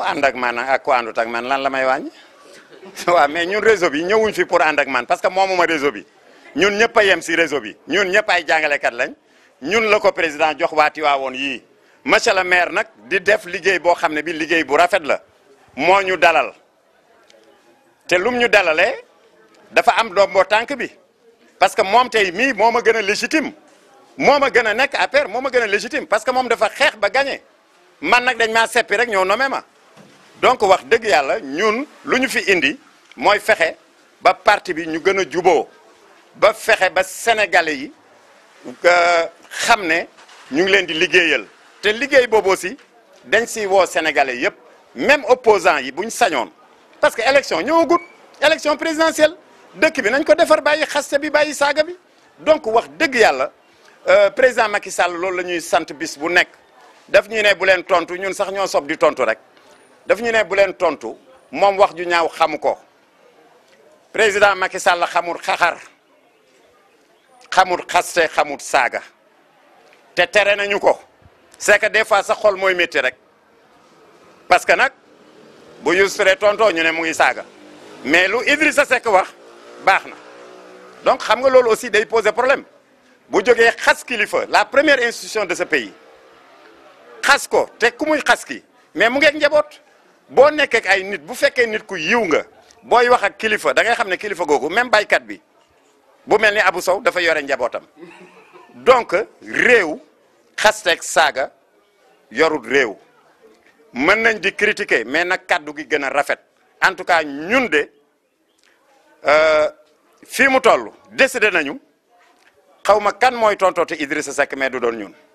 ku ak man ak ku àndut ak man lan la may wàññi waaw mais ñun réseau bi ñëwuñ fi pour ànd ak man parce que moomuma réseau bi ñun ñëpp a yem si réseau bi ñun ñëpp ay jàngalekat lañ ñun la ko président jox waati waa woon yii monsieur la maire nag di def liggéey boo xam ne bi liggéey bu rafet la moo ñu dalal te lum ñu dalale dafa am boo tànk bi parce que moom tey mii moo ma gën a légitime moo a gën a nekk affaire moo ma gën a légitime parce que moom dafa xeex ba gagné man nag dañ maa seppi rek ñoo nommé ma donc wax dëgg yàlla ñun lu ñu fi indi mooy fexe ba parti bi ñu gën a juboo ba fexe ba sénégalais yi euh, xam ne ñu ngi leen di liggéeyal te liggéey boobu aussi dañ si woo sénégalais yëpp même opposant yi bu buñ sañoon parce que élection ñëwagut élection présidentielle dëkk bi nañ ko defar bàyyi xaste bi bàyyi saaga bi donc wax dëgg yàlla euh, président Macky Sall loolu la ñuy sant bis bu nekk daf ñuy ne bu leen tontu ñun sax ñoo sob di tontu rek. daf ñu ne bu leen tontu moom wax ju ñaaw xamu ko président Macky Sall xamul xaxar xamul xaste xamut saaga te tere nañu ko c'est que des fois sa xol mooy métti rek parce que nag bu Youssouphe tontoo ñu ne mu ngi saaga mais lu Idrissa Seck wax baax na donc xam nga loolu aussi day poser problème bu jógee xas kilifa la première institution de ce pays xas ko te ku muy xas ki mais mu ngeeg njaboot. boo nekkee ay nit bu fekkee nit ku yiw nga booy wax ak kilifa da ngay xam ne kilifa googu même baykat bi bu mel ni abu Sow dafa yore njabootam donc réew xasteeg saaga yorut réew mën nañ di critiquer mais nag kàddu gi gën a rafet en tout cas ñun de euh, fii mu toll décidé nañu xaw ma kan mooy tontooti Idrissa Seck mais du doon ñun.